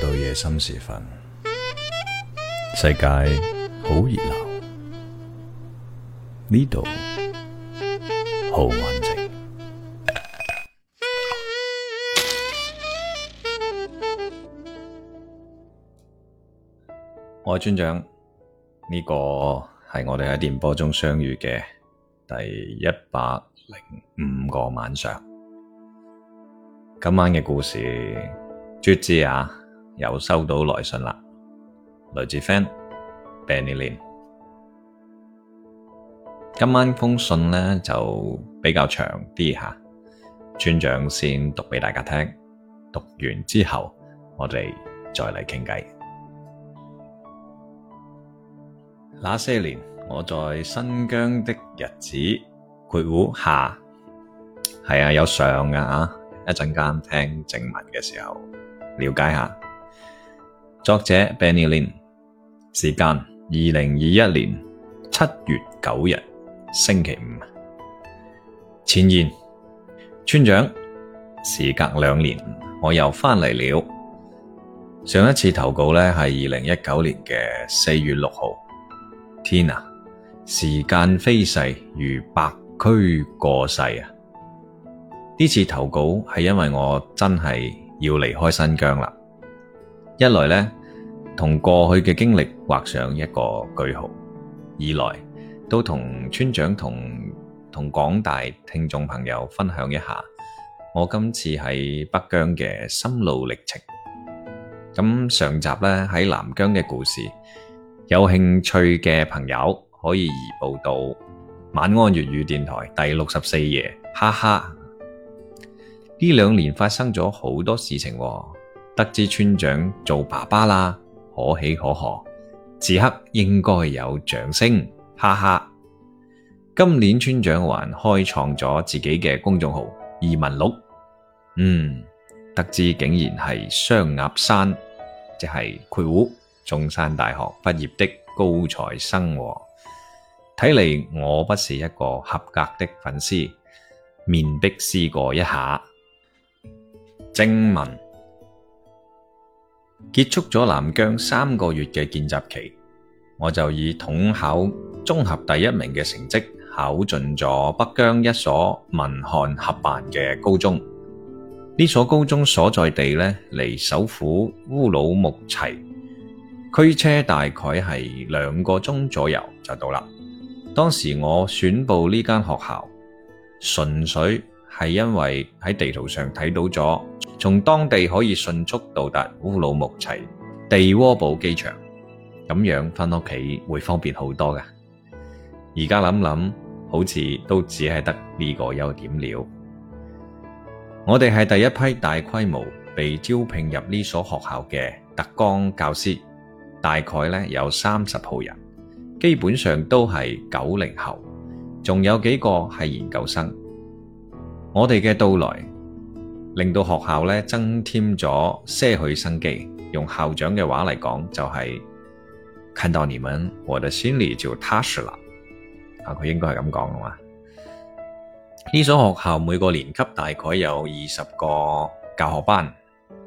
到夜深時分，世界好熱鬧，呢度好安靜。我係村長，呢個係我哋喺電波中相遇嘅第一百零五個晚上。今晚嘅故事，絕志啊！.又收到來信啦，來自 friend Bennie Lin。今晚封信呢就比較長啲吓，村長先讀俾大家聽，讀完之後我哋再嚟傾偈。那些年我在新疆的日子，括弧下係啊有上噶吓，一陣間聽正文嘅時候了解下。作者 Bennie Lin 時間二零二一年七月九日星期五。前言：村長，時隔兩年，我又翻嚟了。上一次投稿呢係二零一九年嘅四月六號。天啊，時間飛逝如白駒過隙啊！呢次投稿係因為我真係要離開新疆啦，一來呢。同過去嘅經歷畫上一個句號，二來都同村長同同廣大聽眾朋友分享一下我今次喺北疆嘅心路歷程。咁上集呢喺南疆嘅故事，有興趣嘅朋友可以移步到晚安粵語電台第六十四夜。哈哈，呢兩年發生咗好多事情，哦，得知村長做爸爸啦。可喜可賀，此刻應該有掌聲，哈哈！今年村長還開創咗自己嘅公眾號《懿聞錄》，嗯，得知竟然係雙鴨山，即係括弧中山大學畢業的高材生活，和睇嚟，我不是一個合格的粉絲，面壁思過一下，正文。結束咗南疆三個月嘅見習期，我就以統考綜合第一名嘅成績考進咗北疆一所民漢合辦嘅高中。呢所高中所在地呢，離首府烏魯木齊驅車大概係兩個鐘左右就到啦。當時我選報呢間學校，純粹，係因為喺地圖上睇到咗，從當地可以迅速到達烏魯木齊地窩堡機場，咁樣翻屋企會方便好多㗎。而家諗諗，好似都只係得呢個優點了。我哋係第一批大規模被招聘入呢所學校嘅特崗教師，大概呢有三十號人，基本上都係九零後，仲有幾個係研究生。我哋嘅到來令到學校咧增添咗些許生機。用校長嘅話嚟講，就係看到你們，我的心裏就踏實啦。啊，佢應該係咁講噶嘛？呢所學校每個年級大概有二十個教學班，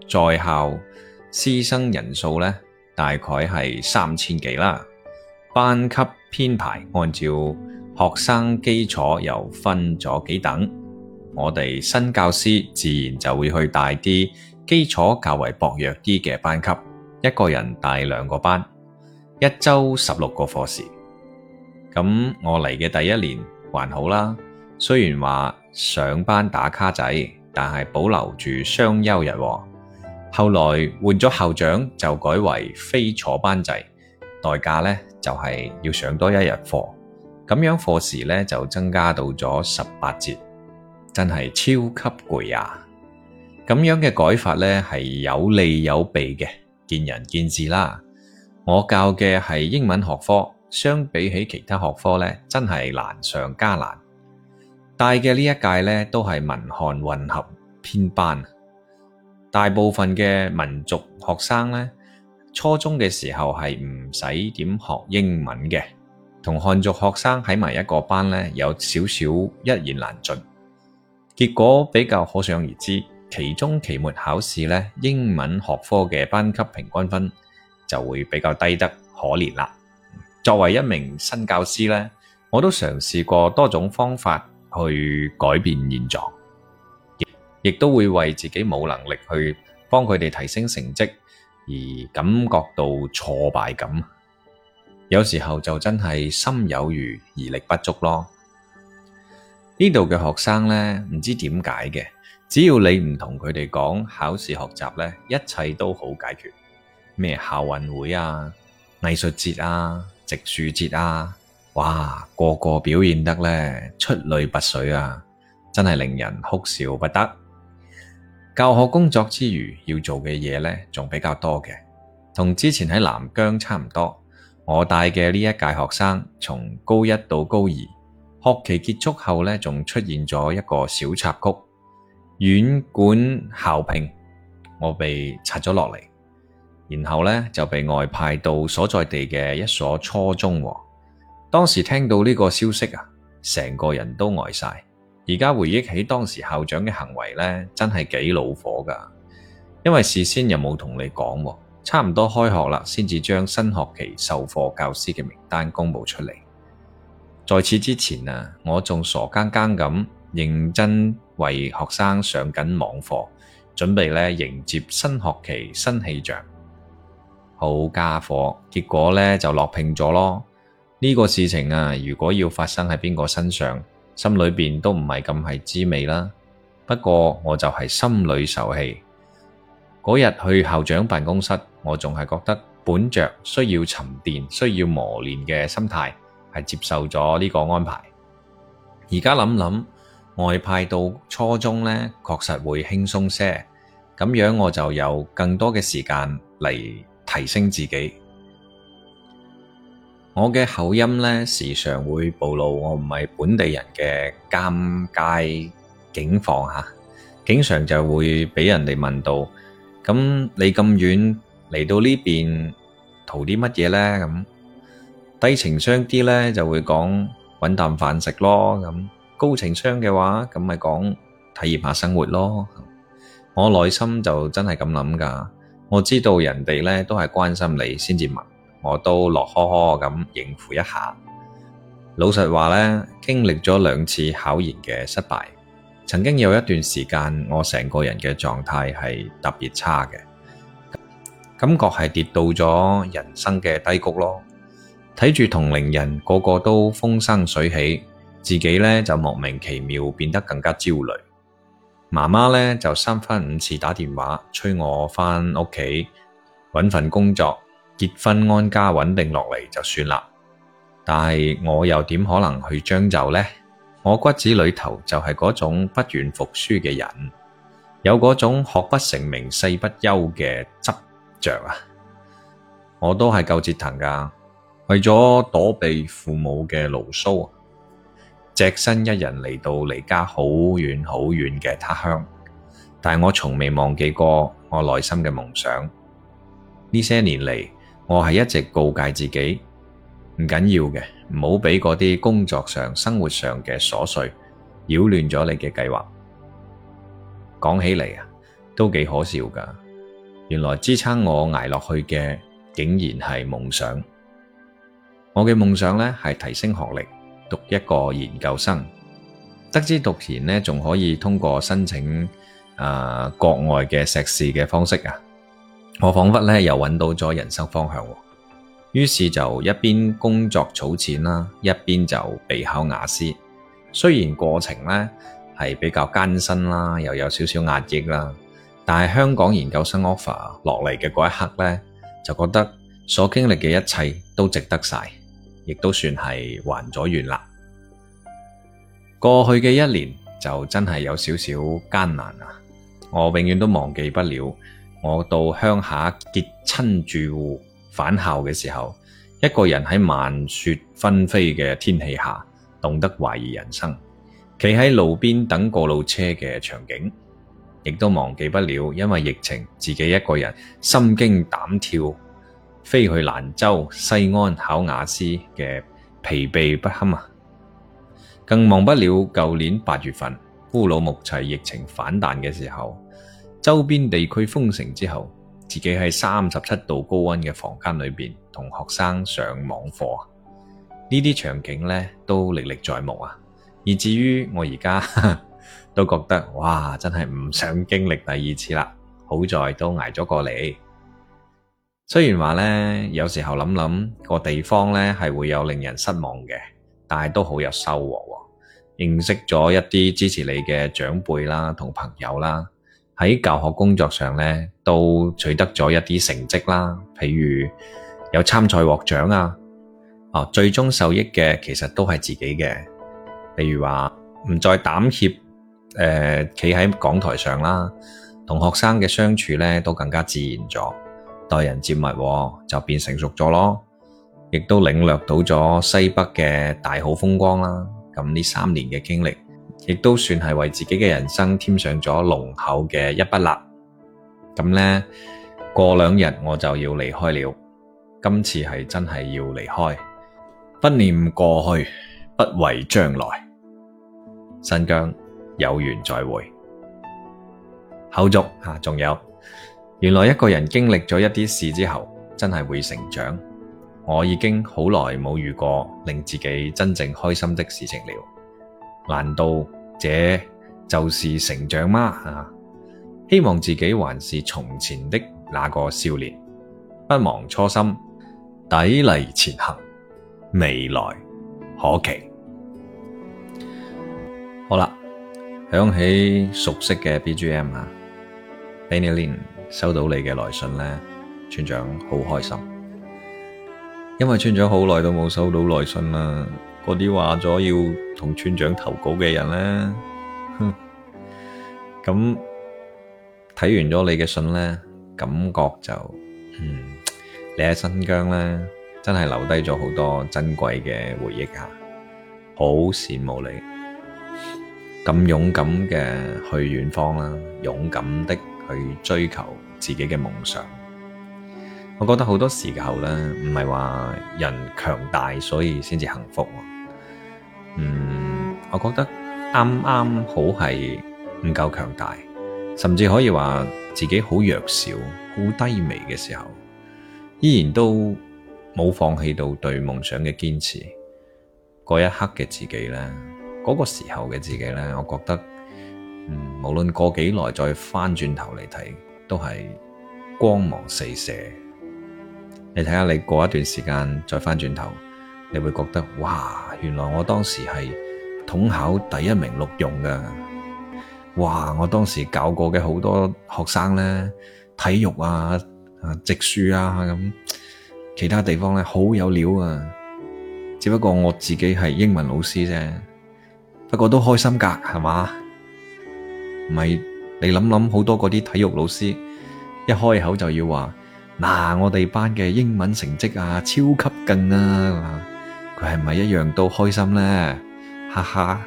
在校師生人數咧大概係三千幾啦。班級編排按照學生基礎又分咗幾等。我哋新教師自然就會去帶啲，基礎較為薄弱啲嘅班級，一個人帶兩個班，一周十六個課時。咁我嚟嘅第一年還好啦，雖然話上班打卡仔，但係保留住雙休日。後來換咗校長就改為非坐班制，代價呢就係要上多一日課，咁樣課時呢，就增加到咗十八節。真係超級攰啊！咁樣嘅改法呢係有利有弊嘅，見仁見智啦。我教嘅係英文學科，相比起其他學科呢，真係難上加難。帶嘅呢一屆呢，都係民漢混合編班，大部分嘅民族學生呢，初中嘅時候係唔使點學英文嘅，同漢族學生喺埋一個班呢，有少少一言難盡。結果比較可想而知，期中期末考試呢，英文學科嘅班級平均分就會比較低得可憐啦。作為一名新教師呢，我都嘗試過多種方法去改變現狀，亦亦都會為自己冇能力去幫佢哋提升成績而感覺到挫敗感。有時候就真係心有餘而力不足咯。呢度嘅學生呢，唔知點解嘅，只要你唔同佢哋講考試學習呢，一切都好解決。咩校運會啊、藝術節啊、植樹節啊，哇，個個表現得呢，出類拔萃啊，真係令人哭笑不得。教學工作之餘要做嘅嘢呢，仲比較多嘅，同之前喺南疆差唔多。我帶嘅呢一屆學生，從高一到高二。學期結束後呢，仲出現咗一個小插曲，縣管校聘我被刷咗落嚟，然後呢就被外派到所在地嘅一所初中。當時聽到呢個消息啊，成個人都呆晒。而家回憶起當時校長嘅行為呢，真係幾老火㗎，因為事先又冇同你講，差唔多開學啦，先至將新學期授課教師嘅名單公佈出嚟。在此之前啊，我仲傻更更咁認真為學生上緊網課，準備咧迎接新學期新氣象。好家伙，結果呢就落聘咗咯。呢個事情啊，如果要發生喺邊個身上，心裏邊都唔係咁係滋味啦。不過我就係心裏受氣。嗰日，去校長辦公室，我仲係覺得本着需要沉澱、需要磨練嘅心態。係接受咗呢個安排，而家諗諗外派到初中呢確實會輕鬆些，咁樣我就有更多嘅時間嚟提升自己。我嘅口音呢時常會暴露我唔係本地人嘅尷尬境況吓，經常就會俾人哋問到，咁、嗯、你咁遠嚟到呢邊，圖啲乜嘢呢？嗯，咁。低情商啲咧就會講搵啖飯食咯咁，高情商嘅話咁咪講體驗下生活咯。我內心就真係咁諗噶，我知道人哋咧都係關心你先至問，我都樂呵呵咁應付一下。老實話咧，經歷咗兩次考研嘅失敗，曾經有一段時間我成個人嘅狀態係特別差嘅，感覺係跌到咗人生嘅低谷咯。睇住同齡人個個都風生水起，自己呢就莫名其妙變得更加焦慮。媽媽呢就三番五次打電話催我返屋企搵份工作，結婚安家穩定落嚟就算啦。但係我又點可能去將就呢？我骨子裏頭就係嗰種不願服輸嘅人，有嗰種學不成名誓不休嘅執着啊！我都係夠折騰噶。為咗躲避父母嘅牢騷，隻身一人嚟到離家好遠好遠嘅他鄉。但我從未忘記過我內心嘅夢想。呢些年嚟，我係一直告誡自己唔緊要嘅，唔好俾嗰啲工作上、生活上嘅瑣碎擾亂咗你嘅計劃。講起嚟啊，都幾可笑噶。原來支撐我捱落去嘅，竟然係夢想。我嘅夢想咧係提升學歷，讀一個研究生。得知讀研咧仲可以通過申請啊、呃、國外嘅碩士嘅方式啊，我仿佛咧又揾到咗人生方向。於是就一邊工作儲錢啦，一邊就備考雅思。雖然過程咧係比較艱辛啦，又有少少壓抑啦，但係香港研究生 offer 落嚟嘅嗰一刻咧，就覺得所經歷嘅一切都值得晒。亦都算係還咗願啦。過去嘅一年就真係有少少艱難啊！我永遠都忘記不了我到鄉下結親住戶返校嘅時候，一個人喺漫雪紛飛嘅天氣下，凍得懷疑人生，企喺路邊等過路車嘅場景，亦都忘記不了因為疫情自己一個人心驚膽跳，飛去蘭州、西安考雅思嘅疲憊不堪啊，更忘不了舊年八月份烏魯木齊疫情反彈嘅時候，周邊地區封城之後，自己喺三十七度高溫嘅房間裏邊同學生上網課，呢啲場景呢都歷歷在目啊！以至於我而家都覺得，哇，真係唔想經歷第二次啦，好在都挨咗過嚟。雖然話咧，有時候諗諗個地方咧係會有令人失望嘅，但係都好有收穫，哦，認識咗一啲支持你嘅長輩啦，同朋友啦，喺教學工作上咧都取得咗一啲成績啦，譬如有參賽獲獎啊，最終受益嘅其實都係自己嘅，譬如話唔再膽怯，誒、呃，企喺講台上啦，同學生嘅相處咧都更加自然咗。待人接物就變成熟咗咯，亦都領略到咗西北嘅大好風光啦。咁呢三年嘅經歷，亦都算係為自己嘅人生添上咗濃厚嘅一筆啦。咁呢，過兩日我就要離開了，今次係真係要離開，不念過去，不畏將來。新疆有緣再會，後續吓，仲、啊、有。原來一個人經歷咗一啲事之後，真係會成長。我已經好耐冇遇過令自己真正開心的事情了。難道這就是成長嗎？啊，希望自己還是從前的那個少年，不忘初心，砥礪前行，未來可期。好啦，響起熟悉嘅 BGM 啊，Bennie Lin 收到你嘅來信呢，村長好開心，因為村長好耐都冇收到來信啦。嗰啲話咗要同村長投稿嘅人呢，哼，咁睇完咗你嘅信呢，感覺就，嗯，你喺新疆呢，真係留低咗好多珍貴嘅回憶啊，好羨慕你咁勇敢嘅去遠方啦，勇敢的。去追求自己嘅夢想，我覺得好多時候咧，唔係話人強大所以先至幸福。嗯，我覺得啱啱好係唔夠強大，甚至可以話自己好弱小、好低微嘅時候，依然都冇放棄到對夢想嘅堅持。嗰一刻嘅自己咧，嗰個時候嘅自己咧，我覺得。嗯，無論過幾耐，再翻轉頭嚟睇，都係光芒四射。你睇下，你過一段時間再翻轉頭，你會覺得哇，原來我當時係統考第一名錄用噶。哇，我當時教過嘅好多學生呢，體育啊、直啊植樹啊咁，其他地方呢，好有料啊。只不過我自己係英文老師啫，不過都開心噶，係嘛？唔係，你諗諗好多嗰啲體育老師，一開口就要話，嗱，我哋班嘅英文成績啊，超級勁啊，佢係咪一樣都開心呢？哈哈，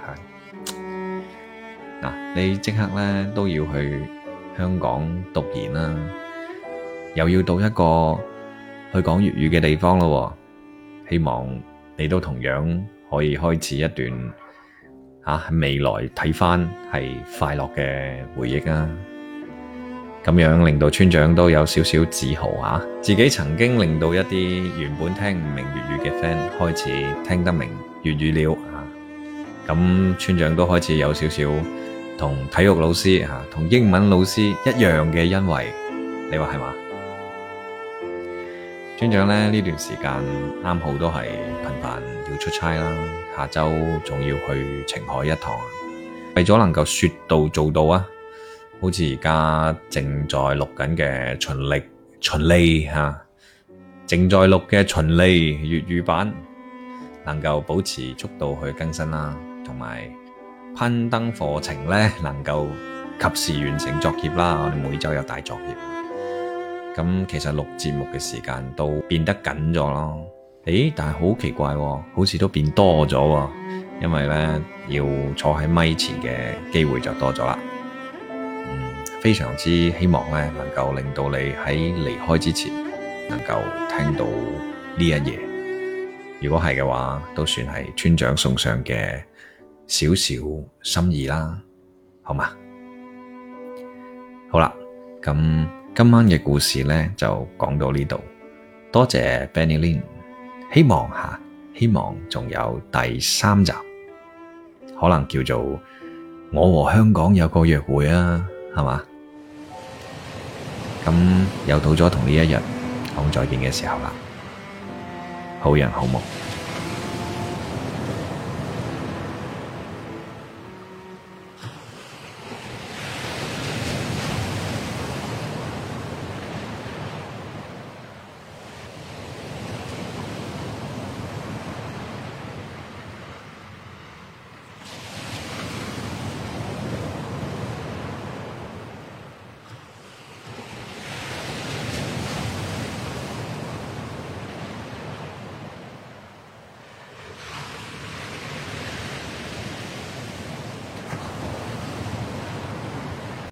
嗱，你即刻咧都要去香港讀研啦，又要到一個去講粵語嘅地方咯，希望你都同樣可以開始一段。啊，未來睇返係快樂嘅回憶啊，咁樣令到村長都有少少自豪啊，自己曾經令到一啲原本聽唔明粵語嘅 friend 開始聽得明粵語了啊，咁、啊嗯、村長都開始有少少同體育老師啊，同英文老師一樣嘅欣慰，你話係嘛？村長呢，呢段時間啱好都係頻繁要出差啦，下周仲要去澄海一趟，為咗能夠說到做到啊，好似而家正在錄緊嘅巡力巡利吓、啊，正在錄嘅巡利粵語版，能夠保持速度去更新啦、啊，同埋攀登課程呢，能夠及時完成作業啦，我哋每周有大作業。咁其實錄節目嘅時間都變得緊咗咯，誒，但係好奇怪、啊，好似都變多咗、啊，因為呢，要坐喺咪前嘅機會就多咗啦、嗯。非常之希望呢，能夠令到你喺離開之前，能夠聽到呢一夜。如果係嘅話，都算係村長送上嘅少少心意啦，好嗎？好啦，咁。今晚嘅故事咧就講到呢度，多謝 Benny Lin 希望吓、啊，希望仲有第三集，可能叫做我和香港有個約會啊，係嘛？咁又到咗同呢一日講再見嘅時候啦，好人好夢。